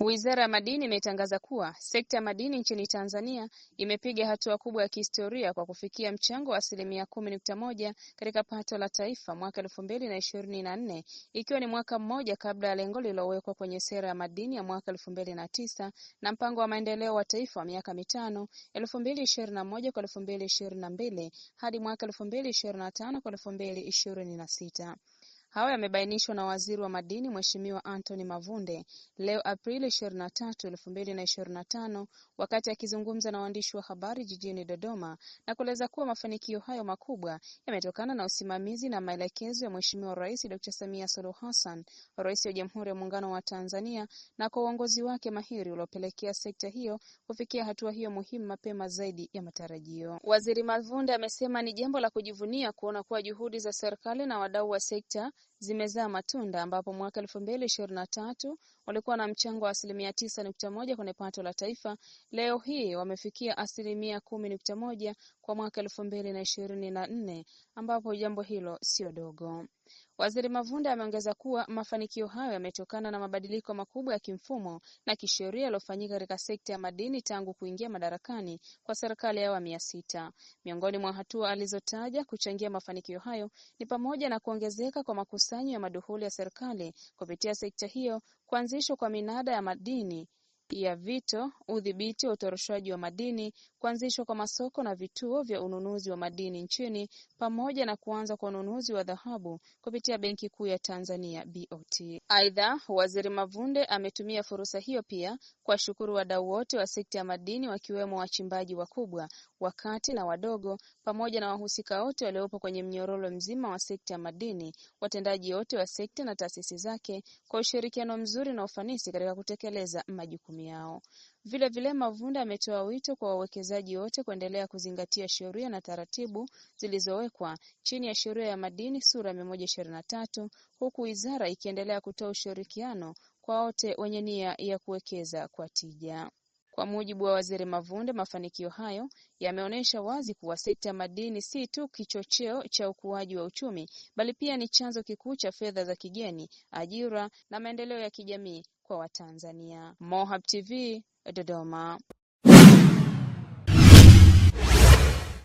Wizara ya Madini imetangaza kuwa sekta ya madini nchini Tanzania imepiga hatua kubwa ya kihistoria kwa kufikia mchango wa asilimia kumi nukta moja katika pato la taifa mwaka elfu mbili na ishirini na nne ikiwa ni mwaka mmoja kabla ya lengo lililowekwa kwenye Sera ya Madini ya mwaka elfu mbili na tisa na Mpango wa Maendeleo wa Taifa wa miaka mitano elfu mbili ishirini na moja kwa elfu mbili ishirini na mbili hadi mwaka elfu mbili ishirini na tano kwa elfu mbili ishirini na sita Hayo yamebainishwa na Waziri wa Madini Mheshimiwa Anthony Mavunde leo Aprili ishirini wakati akizungumza na waandishi wa habari jijini Dodoma na kueleza kuwa mafanikio hayo makubwa yametokana na usimamizi na maelekezo ya Mheshimiwa Rais Dr. Samia Suluhu Hassan, Rais wa Jamhuri ya Muungano wa Tanzania na kwa uongozi wake mahiri uliopelekea sekta hiyo kufikia hatua hiyo muhimu mapema zaidi ya matarajio. Waziri Mavunde amesema ni jambo la kujivunia kuona kuwa juhudi za serikali na wadau wa sekta zimezaa matunda ambapo mwaka elfu mbili ishirini na tatu walikuwa na mchango wa asilimia tisa nukta moja kwenye pato la taifa, leo hii wamefikia asilimia kumi nukta moja kwa mwaka elfu mbili na ishirini na nne ambapo jambo hilo sio dogo. Waziri Mavunde ameongeza kuwa mafanikio hayo yametokana na mabadiliko makubwa ya kimfumo na kisheria yaliyofanyika katika sekta ya madini tangu kuingia madarakani kwa serikali ya awamu ya sita. Miongoni mwa hatua alizotaja kuchangia mafanikio hayo ni pamoja na kuongezeka kwa makusanyo ya maduhuli ya serikali kupitia sekta hiyo, kuanzishwa kwa minada ya madini ya vito udhibiti wa utoroshaji wa madini kuanzishwa kwa masoko na vituo vya ununuzi wa madini nchini pamoja na kuanza kwa ununuzi wa dhahabu kupitia Benki Kuu ya Tanzania BOT. Aidha, Waziri Mavunde ametumia fursa hiyo pia kuwashukuru wadau wote wa sekta ya madini wakiwemo wachimbaji wakubwa, wakati na wadogo, pamoja na wahusika wote waliopo kwenye mnyororo mzima wa sekta ya madini, watendaji wote wa sekta na taasisi zake kwa ushirikiano mzuri na ufanisi katika kutekeleza majukumu yao. Vilevile mavunda ametoa wito kwa wawekezaji wote kuendelea kuzingatia sheria na taratibu zilizowekwa chini ya Sheria ya Madini sura ya tatu huku Wizara ikiendelea kutoa ushirikiano kwa wote wenye nia ya kuwekeza kwa tija. Kwa mujibu wa Waziri Mavunde, mafanikio hayo yameonyesha wazi kuwa sekta ya madini si tu kichocheo cha ukuaji wa uchumi, bali pia ni chanzo kikuu cha fedha za kigeni, ajira na maendeleo ya kijamii kwa Watanzania. Mohab TV, Dodoma.